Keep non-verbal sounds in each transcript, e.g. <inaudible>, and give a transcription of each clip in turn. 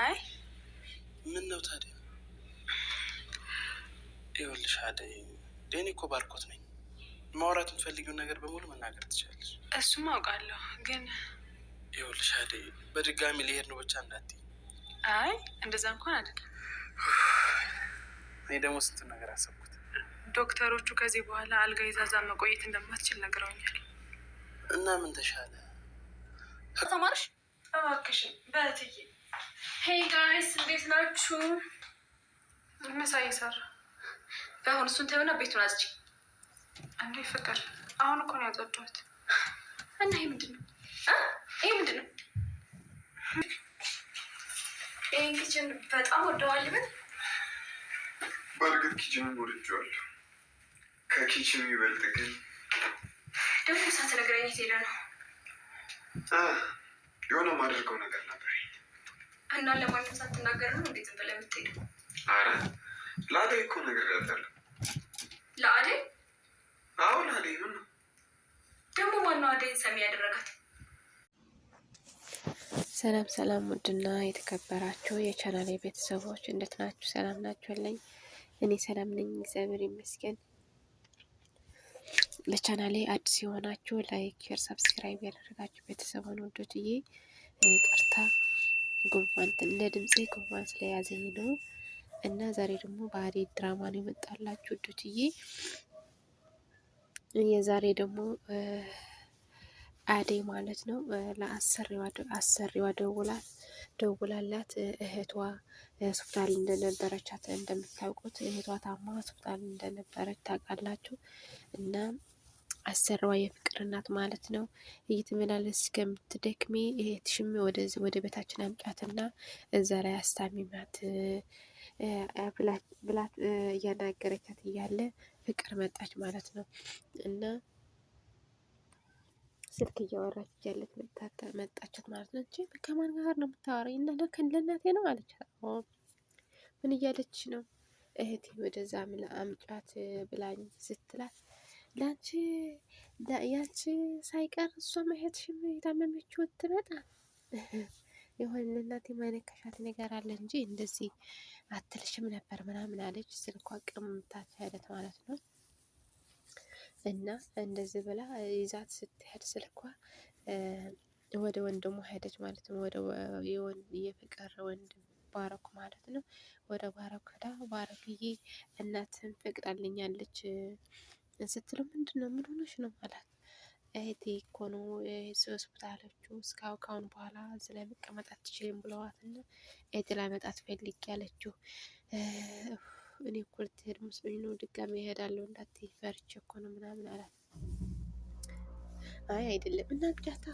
አይ ምን ነው ታዲያ? ይኸውልሽ አደይ፣ እኮ ባርኮት ነኝ። ማውራት የምትፈልጊውን ነገር በሙሉ መናገር ትችላለች። እሱም አውቃለሁ፣ ግን ይኸውልሽ አደይ፣ በድጋሚ ሊሄድ ነው ብቻ እንዳትዪ። አይ እንደዛ እንኳን አይደለም። እኔ ደግሞ ስንት ነገር አሰብኩት። ዶክተሮቹ ከዚህ በኋላ አልጋ ይዛዛ መቆየት እንደማትችል ነግረውኛል። እና ምን ተሻለ ተማርሽ? እባክሽን በትዬ። ሄይ ጋይስ እንዴት ናችሁ? ምሳ እየሰራ አሁን እሱን ታዩና ቤቱን አጽጂ እንዴ ፍቅር። አሁን እኮ ነው ያጸዳሁት። እና ይሄ ምንድን ነው? ይሄ ምንድን ነው? ይህን ኪችን በጣም ወደዋል። ምን በእርግጥ ኪችንን ወድጄዋለሁ። ከኪችን ይበልጥ ግን ደግሞ ሳትነግረኝ የት ሄደ ነው የሆነ ማደርገው ነገር ነበር እና ለማንም ሳትናገር ነው እንዴት ብለህ የምትሄድ? አረ ለአደይ እኮ ነገር ያታለ ለአደይ አዎ፣ ለአደይ ምን ነው ደግሞ ማነው አደይን ሰሚ ያደረጋት? ሰላም ሰላም፣ ውድና የተከበራችሁ የቻናል ቤተሰቦች እንዴት ናችሁ? ሰላም ናችሁልኝ? እኔ ሰላም ነኝ፣ እግዚአብሔር ይመስገን። ለቻናሌ አዲስ የሆናችሁ ላይክ፣ ሼር፣ ሰብስክራይብ ያደረጋችሁ ቤተሰቡን ወዶትዬ ቀርታ ጉንፋን እንደ ድምፄ ጉንፋን ስለያዘኝ ነው እና ዛሬ ደግሞ ባህሪ ድራማ ነው የመጣላችሁ ወዶትዬ። የዛሬ ደግሞ አደይ ማለት ነው ለአሰሪዋ ደውላላት እህቷ ሆስፒታል እንደነበረቻት እንደምታውቁት እህቷ ታማ ሆስፒታል እንደነበረች ታውቃላችሁ እና አሰራዋ የፍቅር እናት ማለት ነው እየተመላለስ እስከምትደክሜ ትሽሜ ወደ ቤታችን አምጫትና እዛ ላይ አስታሚማት ብላት እያናገረቻት እያለ ፍቅር መጣች ማለት ነው እና ስልክ እያወራች እያለች መጣቻት ማለት ነው። እንጂ ከማን ጋር ነው የምታወራኝ? እና ለእናቴ ነው አለች። ምን እያለች ነው እህቴ? ወደዛ አምጫት ብላኝ ስትላት ለአንቺ ያንቺ ሳይቀር እሷ መሄድሽም የታመመችው ትመጣ <laughs> የሆነ ለእናቴ ማይነካሻት ነገር አለ እንጂ እንደዚህ አትልሽም ነበር ምናምን አለች። ስልኳ ቅምታት ሄደት ማለት ነው። እና እንደዚህ ብላ ይዛት ስትሄድ ስልኳ ወደ ወንድሙ ሄደች ማለት ነው። ወደ የፍቅር ወንድም ባረኩ ማለት ነው። ወደ ባረኩ ሄዳ ባረኩዬ እናትን ፈቅዳልኛለች ስትለው ምንድን ነው ምን ሆነሽ ነው አላት። እህቴ እኮ ነው ሆስፒታሎቹ እስካሁን ካሁን በኋላ እዚህ ላይ መቀመጥ አትችልም ብለዋት እና እህቴ ላይ መጣት ፈልግ ያለችው እኔ እኮ ልትሄድ መስሎኝ ነው ድጋሚ እሄዳለሁ እንዳትይ ፈርቼ እኮ ነው ምናምን አላት። አይ አይደለም እና ብቻታ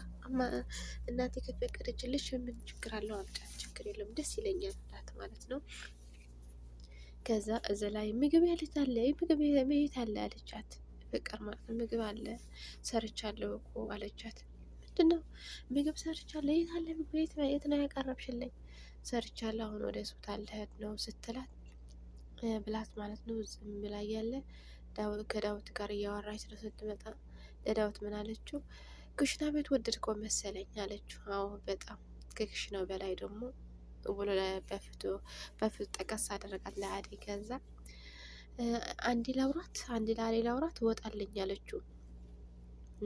እናቴ ከፈቀደችልሽ ምን ችግር አለው? አምጫት ችግር የለም ደስ ይለኛል አላት ማለት ነው። ከዛ እዚ ላይ ምግብ ያለች አለ ምግብ ቤት አለ አለቻት። ፍቅር ማለት ነው ምግብ አለ ሰርቻለሁ እኮ አለቻት። ምንድን ነው ምግብ ሰርቻለሁ? የት አለ ምግብ ቤት? የት ነው ያቀረብሽልኝ? ሰርቻለሁ፣ አሁን ወደ ሆስፒታል ልሄድ ነው ስትላት ብላት ማለት ነው። ዝም ብላ ያለ ከዳዊት ጋር እያወራች ነው። ስትመጣ ለዳዊት ምን አለችው? ክሽና ቤት ወደድከው መሰለኝ አለችው። አዎ በጣም ከክሽናው በላይ ደግሞ ብሎ በፊቱ በፊቱ ጠቀስ አደረጋት ለአደይ። ከዛ አንዲ ላውራት አንዲ ላሌ ላውራት ወጣልኝ አለችው።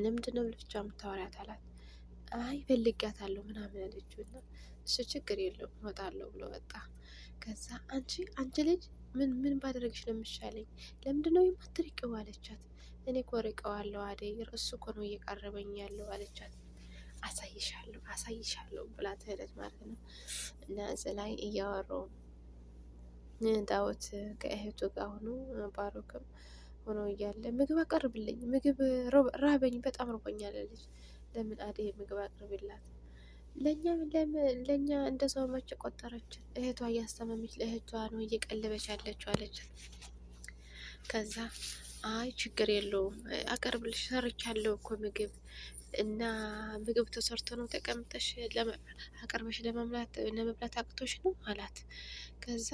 ለምንድነው ብቻ የምታወሪያት አላት። አይ ፈልጋታለሁ ምናምን አለችው እና እሱ ችግር የለውም እወጣለሁ ብሎ ወጣ። ከዛ አንቺ አንቺ ልጅ ምን ምን ባደረግሽ ነው የምሻለኝ? ለምንድነው የማትርቂው አለቻት። እኔ ኮርቀዋለሁ አደይ እሱ እኮ ነው እየቀረበኝ ያለው አለቻት። አሳይሻለሁ አሳይሻለሁ ብላ ትሄደች ማለት ነው። እና ላይ እያወሩ ዳዊት ከእህቱ ጋር ሆኖ ባሮክም ሆኖ እያለ ምግብ አቀርብልኝ፣ ምግብ ራበኝ፣ በጣም ርቦኛል አለች። ለምን አደይ ምግብ አቅርብላት ለእኛ ለእኛ እንደ ሰው መች ቆጠረችን? እህቷ እያስተመመች ለእህቷ ነው እየቀለበች ያለችው አለችን። ከዛ አይ ችግር የለውም አቀርብልሽ ሰርቻለሁ እኮ ምግብ እና ምግብ ተሰርቶ ነው ተቀምጠሽ አቅርበሽ ለመብላት አቅቶሽ ነው አላት። ከዛ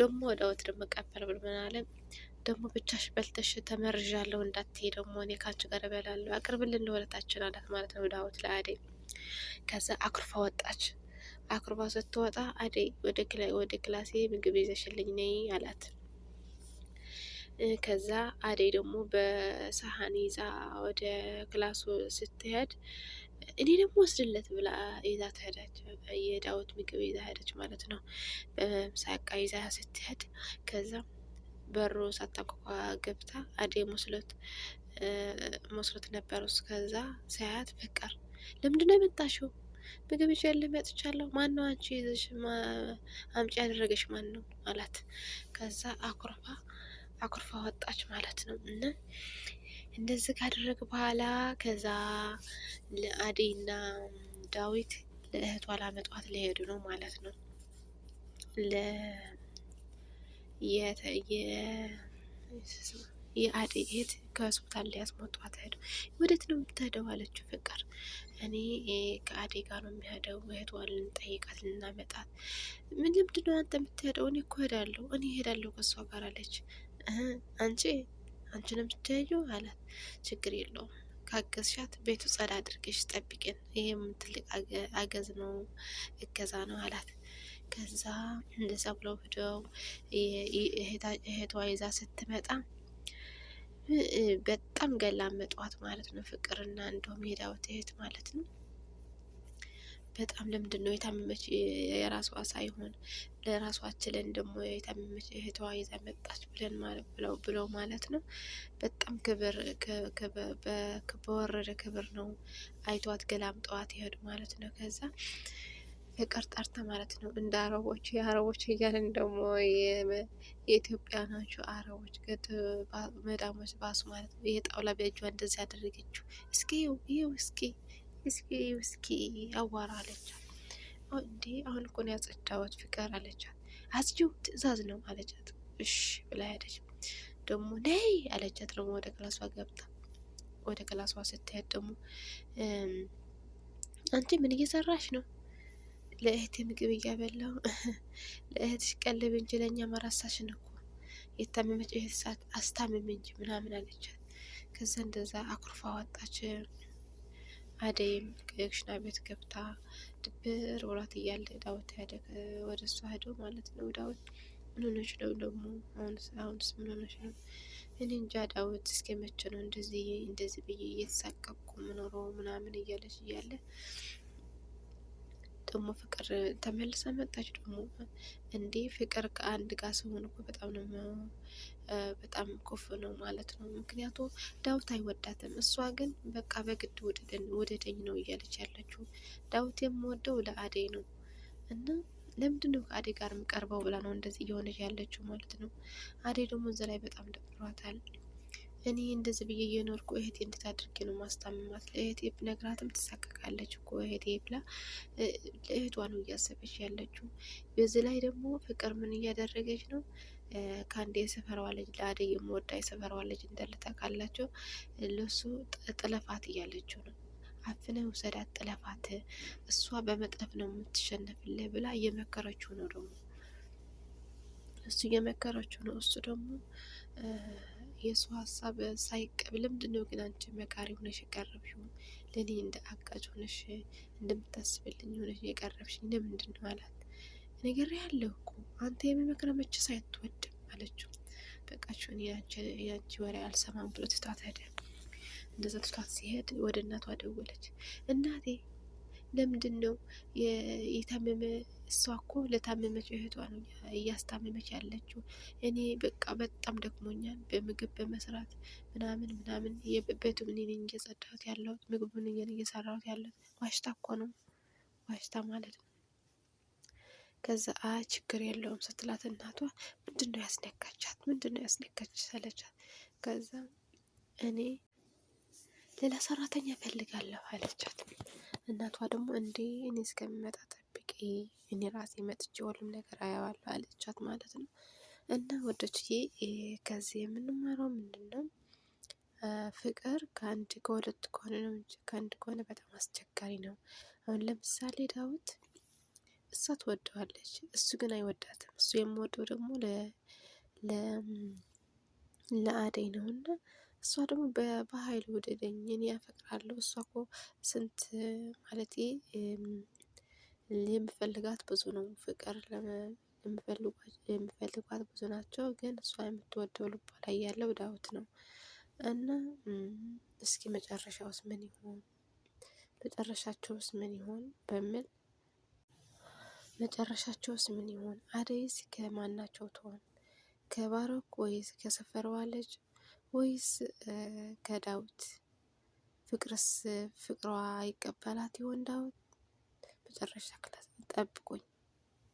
ደግሞ ወደ ወትር መቀበር ብልምን አለም ደግሞ ብቻሽ በልተሽ ተመርዣለሁ እንዳትሄ ደግሞ እኔ ካንቺ ጋር እበላለሁ አቅርብልን ለወለታችን አላት ማለት ነው። ዳዊት ለአደይ ከዛ አኩርፋ ወጣች። አኩርፋ ስትወጣ አደይ ወደ ክላሴ ምግብ ይዘሽልኝ ነይ አላት። ከዛ አደይ ደግሞ በሰሀን ይዛ ወደ ክላሱ ስትሄድ እኔ ደግሞ ወስድለት ብላ ይዛ ትሄዳች። የዳዊት ምግብ ይዛ ሄደች ማለት ነው። በምሳቃ ይዛ ስትሄድ ከዛ በሮ ሳታንኳኳ ገብታ አደይ መስሎት መስሎት ነበር ውስጥ ከዛ ሳያት ፍቅር ለምንድን ነው የመጣሽው? ምግብ ይዤልህ መጥቻለሁ። ማን ነው አንቺ ይዘሽ አምጪ ያደረገሽ ማን ነው አላት። ከዛ አኩርፋ አኩርፋ ወጣች ማለት ነው። እና እንደዚህ ካደረግ በኋላ ከዛ አዴና ዳዊት ለእህቷ ላመጧት ሊሄዱ ነው ማለት ነው። የአዴ እህት ከሆስፒታል ሊያስመጧት ሄዱ። ወዴት ነው የምትሄደው አለችው ፍቅር። እኔ ከአዴ ጋር ነው የሚሄደው፣ እህቷን ልንጠይቃት ልናመጣት። ምን ልምድ ነው አንተ የምትሄደው? እኔ እኮ እሄዳለሁ፣ እኔ እሄዳለሁ ከእሷ ጋር አለች። አንቺ አንቺንም ነው አላት። ችግር የለውም ካገዝሻት ቤቱ ጸዳ አድርገሽ ጠብቅን፣ ይህም ትልቅ አገዝ ነው እገዛ ነው አላት። ከዛ እንደዛ ብለው ሂደው እህቷ ይዛ ስትመጣ በጣም ገላመጧት ማለት ነው። ፍቅርና እንደውም ሄዳውት እህት ማለት ነው በጣም ለምንድን ነው የታመመች የራሷ ሳይሆን ለራሷ ችለን ደግሞ የታመመች እህቷ ይዛ መጣች ብለን ብለው ብለው ማለት ነው። በጣም ክብር በወረደ ክብር ነው አይቷት ገላምጠዋት ይሄዱ ማለት ነው። ከዛ ፍቅር ጠርታ ማለት ነው እንደ አረቦች የአረቦች እያለን ደግሞ የኢትዮጵያ ናቸው አረቦች መዳሞች ባሱ ማለት ነው። ይሄ ጣውላ በእጇ እንደዚህ አደረገችው። እስኪ ይው ይው እስኪ እስኪ እስኪ አዋራ አለቻት። እንዴ አሁን እኮ ነው ያጸዳዋት ፍቅር አለቻት። አጽጂው ትዕዛዝ ነው አለቻት። እሽ ብላ ሄደች። ደግሞ ነይ አለቻት። ደግሞ ወደ ክላሷ ገብታ ወደ ክላሷ ስትሄድ ደግሞ አንቺ ምን እየሰራሽ ነው? ለእህት ምግብ እያበላው <laughs> ለእህትሽ ቀልብ እንጂ ለእኛ ነው እኮ የታመመች እህት አስታምም እንጂ ምናምን አለቻት። ከዛ እንደዛ አኩርፋ ወጣች። አደይም የክሽና ቤት ገብታ ድብር ብሏት እያለ ዳዊት ያደ ወደ እሷ ሄዶ ማለት ነው። ዳዊት ምን ሆነች ነው ደግሞ አሁንስ ምን ሆነች ነው? እኔ እንጃ ዳዊት እስከ መቼ ነው እንደዚህ እንደዚህ ብዬ እየተሳቀቅኩ ምኖረው ምናምን እያለች እያለ ደግሞ ፍቅር ተመልሰ መጣች። ደግሞ እንዴ ፍቅር ከአንድ ጋር ሲሆን እኮ በጣም ነው በጣም ኮፍ ነው ማለት ነው። ምክንያቱ ዳውት አይወዳትም፣ እሷ ግን በቃ በግድ ወደደኝ ነው እያለች ያለችው። ዳውት የምወደው ለአደይ ነው እና ለምንድን ነው ከአደይ ጋር የምቀርበው ብላ ነው እንደዚህ እየሆነች ያለችው ማለት ነው። አደይ ደግሞ እዛ ላይ በጣም ደብሯታል። እኔ እንደዚህ ብዬ እየኖርኩ እህቴ እንዴት አድርጌ ነው ማስታምማት? ለእህቴ ብነግራትም ትሳቀቃለች እኮ እህቴ ብላ ለእህቷ ነው እያሰበች ያለችው። በዚህ ላይ ደግሞ ፍቅር ምን እያደረገች ነው? ከአንድ የሰፈራዋ ልጅ ለአደይ የምወዳ የሰፈራዋ ልጅ እንዳለ ለሱ ጥለፋት እያለችው ነው አፍነ ውሰዳት፣ ጥለፋት፣ እሷ በመጥለፍ ነው የምትሸነፍልህ ብላ እየመከረችው ነው። ደግሞ እሱ እየመከረችው ነው። እሱ ደግሞ የእሱ ሀሳብ ሳይቀብ ለምንድን ነው ግን አንቺ መካሪ ሆነሽ የቀረብሽው? ለእኔ እንደ አጋጅ ሆነሽ እንደምታስብልኝ ሆነሽ የቀረብሽኝ ለምንድን ነው አላት። ነገር ያለው እኮ አንተ የሚመክረ መችስ አትወድም አለችው። በቃችሁን ያንቺ ወሬ አልሰማም ብሎ ትቷት ሄደ። እንደዛ ትቷት ሲሄድ ወደ እናቷ ደወለች። እናቴ ለምንድን ነው የታመመ እሷ እኮ ለታመመች እህቷ ነው እያስታመመች ያለችው። እኔ በቃ በጣም ደክሞኛል፣ በምግብ በመስራት ምናምን ምናምን የበቱ ምን ነኝ እየጸዳሁት ያለሁት፣ ምግቡን እኔ እየሰራሁት ያለሁት። ዋሽታ እኮ ነው ዋሽታ ማለት ነው። ከዛ አ ችግር የለውም ስትላት እናቷ ምንድን ነው ያስነካቻት? ምንድን ነው ያስነካች ሰለቻት። ከዛ እኔ ሌላ ሰራተኛ ፈልጋለሁ አለቻት። እናቷ ደግሞ እንዴ እኔ እስከሚመጣ እኔ ራሴ መጥቼ ሁሉም ነገር አያዋለሁ አለቻት ማለት ነው። እና ወደችዬ ከዚህ የምንማረው ምንድን ነው? ፍቅር ከአንድ ከሁለት ከሆነ ነው እንጂ ከአንድ ከሆነ በጣም አስቸጋሪ ነው። አሁን ለምሳሌ ዳዊት እሷ ትወደዋለች፣ እሱ ግን አይወዳትም። እሱ የምወደው ደግሞ ለአደይ ነው እና እሷ ደግሞ በሀይል ውደደኝ እኔ ያፈቅራለሁ እሷ እኮ ስንት ማለት የምፈልጋት ብዙ ነው። ፍቅር የምፈልጓት ብዙ ናቸው፣ ግን እሷ የምትወደው ልቧ ላይ ያለው ዳዊት ነው እና እስኪ መጨረሻውስ ምን ይሆን መጨረሻቸውስ ምን ይሆን በሚል መጨረሻቸውስ ምን ይሆን? አደይስ ከማናቸው ትሆን? ከባሮክ ወይስ ከሰፈሯ ልጅ ወይስ ከዳዊት? ፍቅርስ ፍቅሯ ይቀበላት ይሆን ዳዊት? መጨረሻ ክላስ ጠብቁኝ።